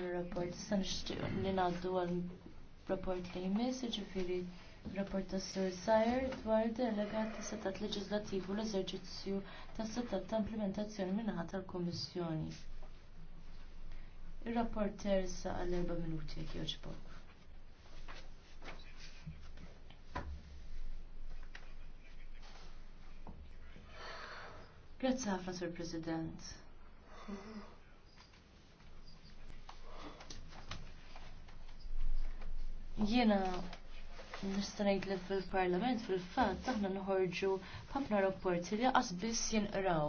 dan rapport Issa nixtieq li naddu għal rapport li jmiss, jiġifieri rapport ta' Sir Sajer dwar delegat ta' setat leġislattivu l-eżerġizzju ta' setat ta' implementazzjoni minnaħa tal-Kummissjoni. Ir-rapporter sa' għal erba' minuti jekk jogħġbok. Grazie ħafna, Sir President. Jiena nistanajt li fil-parlament fil-fat aħna nħorġu ħafna rapporti li qasbis jinqraw.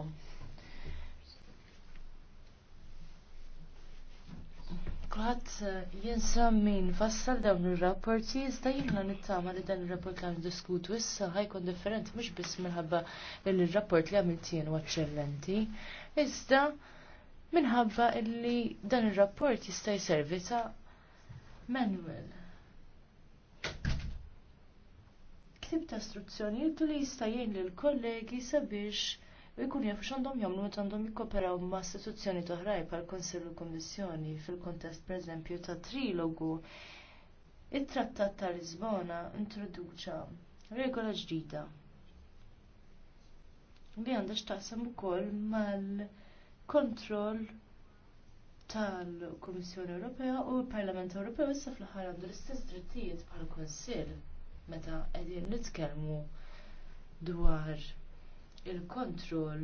Kulħadd eh, jinsa min fassal dawn ir-rapporti iżda jiena nittama li dan ir-rapport li diskutu issa ħajkun differenti mhux biss minħabba li r-rapport li għamilt jien eċċellenti. Iżda minħabba li dan ir-rapport jista' jservi ta' manual ktib ta' istruzzjonijiet li jista' jgħin lill kollegi sabiex ikun jafu x'għandhom jagħmlu meta għandhom jikkoperaw ma' istituzzjoni oħrajn bħal Kunsill u Kummissjoni fil-kontest pereżempju ta' trilogu. It-Trattat ta' Lisbona introduċa regola ġdida. Li għandha x'taqsam ukoll mal-kontroll tal-Kummissjoni Ewropea u l-Parlament Ewropew issa fl-aħħar għandu l-istess drittijiet bħal-Kunsill meta qegħdin nitkellmu dwar il-kontroll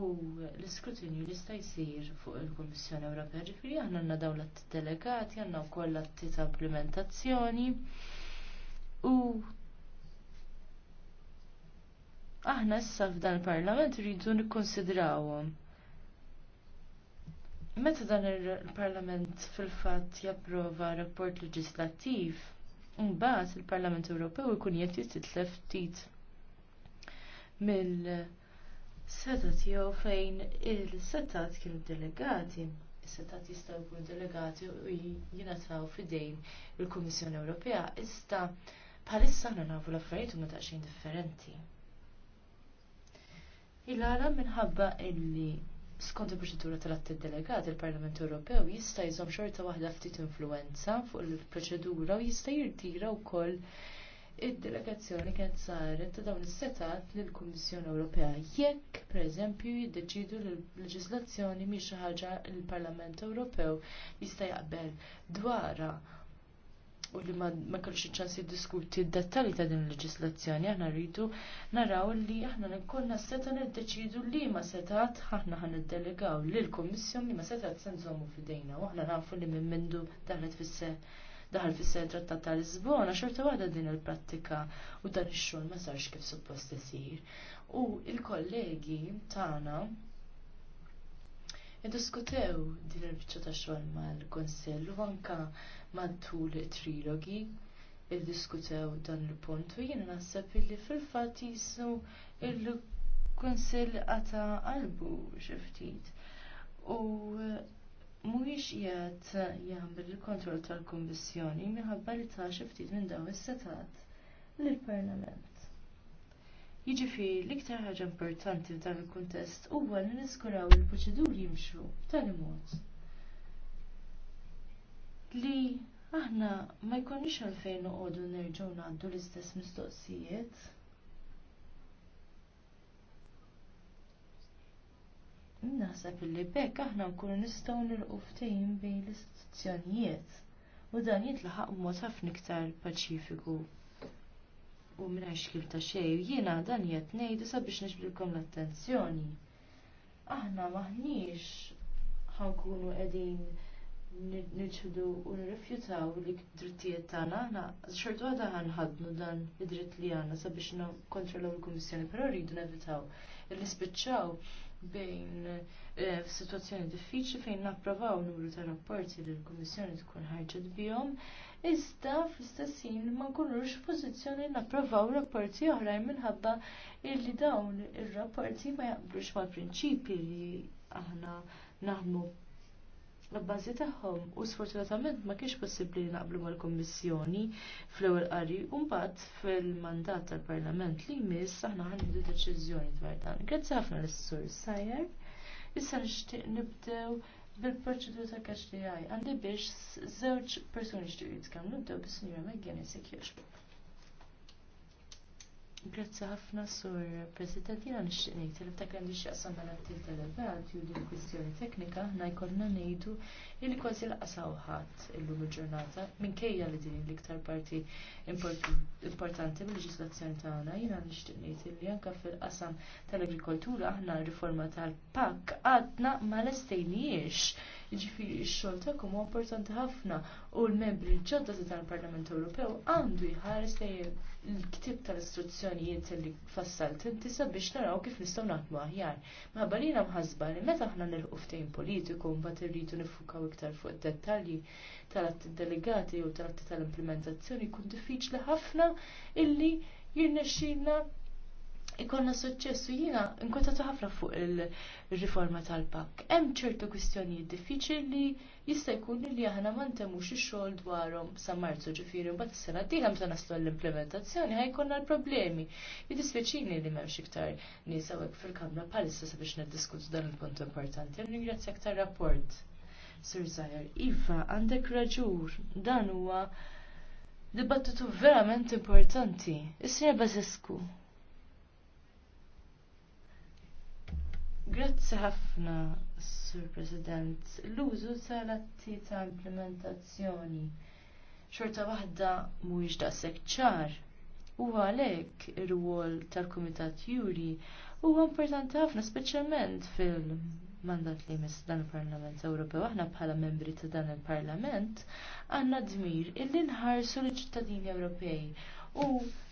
u l-iskrutinju li sta jsir fuq il-Kummissjoni Ewropea ġifieri aħna għandna dawn l-atti delegati, għandna wkoll l-atti ta' implementazzjoni u aħna issa f'dan il-Parlament rridu nikkonsidrawhom. Meta dan il-Parlament fil-fatt japprova rapport leġislattiv Mbagħad il-Parlament Ewropew ikun jett jititlef ftit mill setat tiegħu fejn il-setat kienu delegati. Is-setat jistgħu jkunu delegati u jingħataw fidejn il-Kummissjoni Ewropea iżda bħalissa aħna nafu l-affarijiet u differenti. Il-għala minħabba illi Skont il-proċedura tal-atti delegat, il-Parlament Ewropew jista' jżomm xorta waħda ftit influenza fuq il-proċedura u jista' jirtira wkoll id-delegazzjoni kienet saret ta' dawn is-setat lill kummissjoni Ewropea jekk pereżempju jiddeċidu li l-leġiżlazzjoni mhi xi ħaġa li l-Parlament Ewropew jista' jaqbel dwarha u li ma kellux iċ diskuti jiddiskuti d-dettalji ta' din il-leġislazzjoni aħna rridu naraw li aħna nkunna seta' niddeċidu li ma setat aħna ħan iddelegaw lil kummissjoni li ma seta' se nżommu f'idejna u aħna nafu li minn mindu daħlet fisse daħal fis trattat ta' Lisbona xorta waħda din il-prattika u dan ix-xogħol ma sarx kif suppost isir. U il-kollegi tagħna Indiskutew din il-biċċa ta' xogħol mal-Konsell u anke matul trilogi iddiskutew dan il-punt u jiena naħseb li fil-fatt jisu il-Konsell għata qalbu xi ftit. U mhuwiex qiegħed jagħmel il-kontroll tal-Kummissjoni minħabba li ta' xi ftit minn dawn is-setat lill-Parlament. Jiġifieri l-iktar ħaġa importanti f'dan il-kuntest huwa li niskuraw il-proċeduri jimxu b'tali mod. Li aħna ma jkunniex għalfejn noqogħdu nerġgħu ngħaddu l-istess mistoqsijiet. Naħseb illi bekk aħna nkunu nistgħu nilqu ftehim bejn l-istituzzjonijiet u dan jitlaħaq b'mod ħafna iktar paċifiku u minna xkil ta' xej, jiena dan jett nejdu sabiex niġbilkom l-attenzjoni. Aħna maħniex ħankunu edin nġħdu u nirrifjutaw li drittijiet tagħna aħna xortu għadha ħanħadnu dan id-dritt li għandna sabiex nkontrollaw il-Kummissjoni, però rridu nevitaw il-nispiċċaw bejn eh, situazzjoni diffiċli fejn napprovaw numru ta' rapporti li l-Kummissjoni tkun ħarġet bihom, iżda fl-istess ħin ma nkunux pożizzjoni napprovaw rapporti oħrajn minħabba li dawn ir-rapporti ma jaqblux mal-prinċipji li aħna naħmu l-bazzi tagħhom u sfortunatament ma kienx possibbli li naqblu mal-Kommissjoni fl-ewwel qari u mbagħad fil-mandat tal-Parlament li jmiss aħna ħanħidu deċiżjoni dwar dan. Grazzi ħafna lis-Sur Sajer. Issa nixtieq nibdew bil-proċedura ta' kaċ li għandi biex żewġ persuni xtieq jitkellmu nibdew bis-Sinjura Megan Insecure. Grazzi ħafna sur President, nixtieq ngħid li f'dak għandu xieqsam dan attività tal-radju li kwistjoni teknika, ħna jkollna ngħidu li kważi laqsaw ħadd illum il-ġurnata minkejja li din l-iktar parti importanti mill-leġislazzjoni tagħna, nixtieq ngħid li anke fil-qasam tal-agrikoltura aħna r riforma tal-PAK għadna ma lestejniex Jiġifieri x-xogħol tagħkom importanti ħafna u l-membri ġodda ta' tal-Parlament Ewropew għandu jħares l-ktib tal-istruzzjonijiet li fassalt inti sabiex naraw kif nistgħu naħdmu aħjar. Ma balina mħasba li meta aħna nilqu ftehim politiku mbagħad irridu nifukaw iktar fuq id-dettalji tal-atti delegati u tal-atti tal-implementazzjoni jkun diffiċli ħafna illi jirnexxilna ikonna suċċessu jiena nkontatu ħafna fuq il-riforma tal-pak. Hemm ċertu kwistjonijiet diffiċili li jista' jkun li aħna ma ntemux ix-xogħol dwarhom sa Marzu ġifieri mbagħad is-sena d-dieħla meta naslu l-implementazzjoni ħajkonna l-problemi. Jiddispjaċini li m'hemmx iktar nies hawnhekk fil-Kamra bħalissa sabiex niddiskutu dan il-punt importanti. Ringrazzjak tar-rapport. Sir Zajer, Iva, għandek raġur, dan huwa dibattitu verament importanti. Is-Sinja Bazescu, Grazzi ħafna, Sur President. L-użu tal-atti ta' implementazzjoni xorta waħda mhuwiex daqshekk ċar. U għalhekk ir-rwol tal-Kumitat Juri huwa importanti ħafna speċjalment fil mandat li jmiss dan il-Parlament Ewropew aħna bħala membri ta' dan il-Parlament għandna dmir illi nħarsu l-ċittadini Ewropej u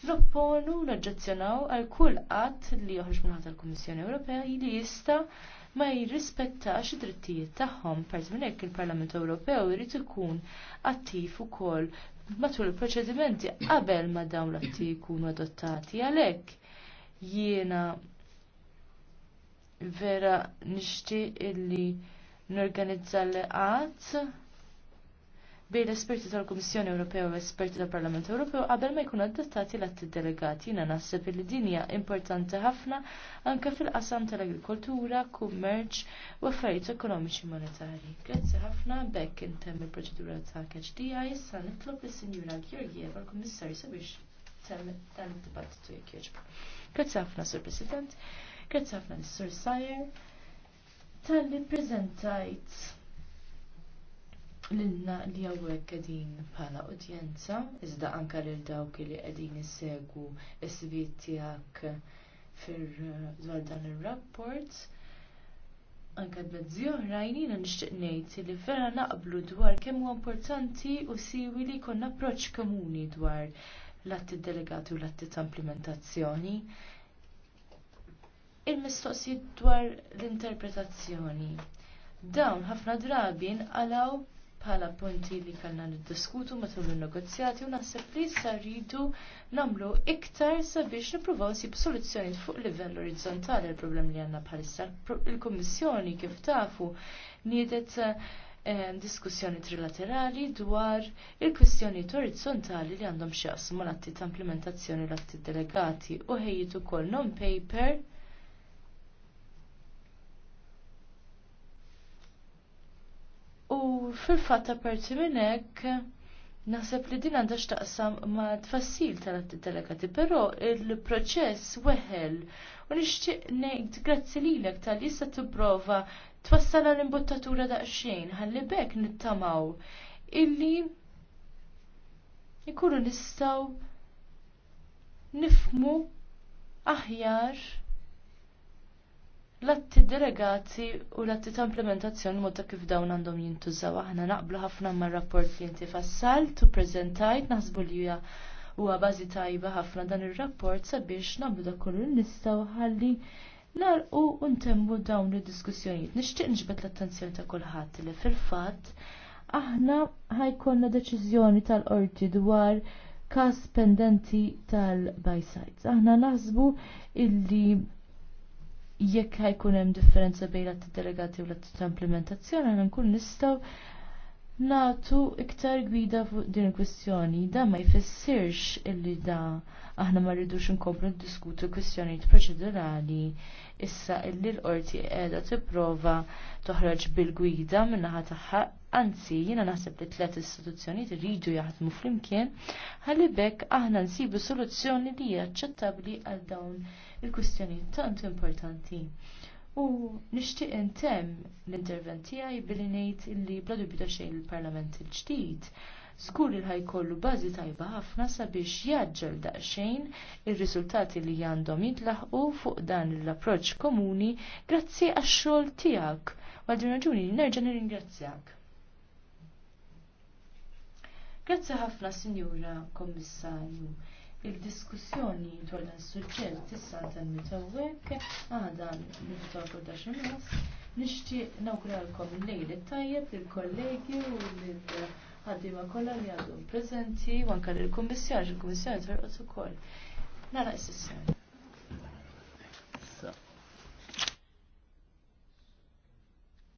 nopponu naġġazzjonaw għal kull qatt li joħroġ minħata l-Kummissjoni Ewropea li jista' ma jirrispettax id-drittijiet tagħhom. Parti minn hekk il-Parlament Ewropew irid ikun attiv ukoll matul il-proċedimenti qabel ma dawn l-atti jkunu adottati għalhekk jiena vera nixtieq illi norganizza l-qatt bejn esperti tal-Kummissjoni Ewropea u esperti tal-Parlament Ewropew qabel ma jkunu adottati l-atti delegati. Jiena naħseb li din hija importanti ħafna anke fil-qasam tal-agrikoltura, kummerċ u affarijiet ekonomiċi monetari. Grazzi ħafna bekk intemm il-proċedura ta' KHDI issa nitlob lis-Sinjura Georgieva l-Kummissarju sabiex temm dan id-dibattitu jekk jogħġbu. Grazzi ħafna, Sur President. Grazzi ħafna, Sur Sajer tal-li prezentajt Lilna li għawek għedin bħala udjenza, iżda anka lil dawk li għedin jissegu s-svit tijak dwar dan il-rapport, anka d-mezzi oħrajn jina nixtieq ngħid li vera naqblu dwar kemm huwa importanti u siwi li jkollna approċċ komuni dwar l-atti delegati u l-atti ta' implementazzjoni. Il-mistoqsijiet dwar l-interpretazzjoni. Dawn ħafna drabi nqalaw bħala punti li kellna niddiskutu matul il-negozjati u naħseb li issa rridu nagħmlu iktar sabiex nippruvaw nsib soluzzjoni fuq livell orizzontali l problem li għandna bħalissa. Il-Kummissjoni kif tafu niedet eh, diskussjoni trilaterali dwar il-kwistjoni orizzontali li għandhom xaqsmu l-atti ta' implementazzjoni l-atti delegati u ħejjitu kol non-paper fil-fatt aperti minn hekk naħseb li din għandha x'taqsam ma' tfassil tal-delegati, però il-proċess weħel u nixtieq ngħid grazzi lilek tal issa tipprova twassala l-imbottatura daqsxejn ħalli bek nittamaw illi ikunu nistgħu nifmu aħjar l-atti delegati u l-atti ta' implementazzjoni modda kif dawn għandhom jintużaw. Aħna naqblu ħafna ma' rapport li inti fassalt u prezentajt naħsbu li huwa huwa bażi tajba ħafna dan ir-rapport sabiex nabdu da kollu nistgħu ħalli narqu u ntemmu dawn id-diskussjonijiet. Nixtieq nġbed l-attenzjoni ta' kulħadd li fil-fatt aħna ħajkonna deċiżjoni tal-qorti dwar kas pendenti tal-bajsajt. Aħna naħsbu illi jekk ħajkun hemm differenza bejn l delegati u l ta' implementazzjoni għandna nkun nistgħu nagħtu iktar gwida fuq din il-kwistjoni. Da ma jfissirx illi da aħna ma rridux nkomplu diskutu kwistjonijiet proċedurali issa illi l-qorti qiegħda tipprova toħroġ bil-gwida min-naħa tagħha Anzi, jiena naħseb li tliet istituzzjonijiet iridu jaħdmu flimkien ħalli bekk aħna nsibu soluzzjoni li hija aċċettabbli għal dawn il-kwistjonijiet tant importanti. U nixtieq intemm l-intervent tiegħi billi ngħid illi bla dubju xejn il-Parlament il-ġdid skur il kollu bażi tajba ħafna sabiex jaġġel daqsxejn ir-riżultati li għandhom jitlaħqu fuq dan l-approċċ komuni grazzi għax-xogħol tiegħek. Għal din raġuni nerġa' nirringrazzjak. Grazzi ħafna, Sinjura Kommissarju. Il-diskussjoni dwar dan suġġett issa dan mitawwek għada niftaw ta' daċin Nixtieq nawguralkom il-lejl it-tajjeb lill-kollegi u lill-ħaddiema kollha li għadhom preżenti u anke lill-kummissjar, il-kummissjar torqod ukoll. Nara s-sessjoni.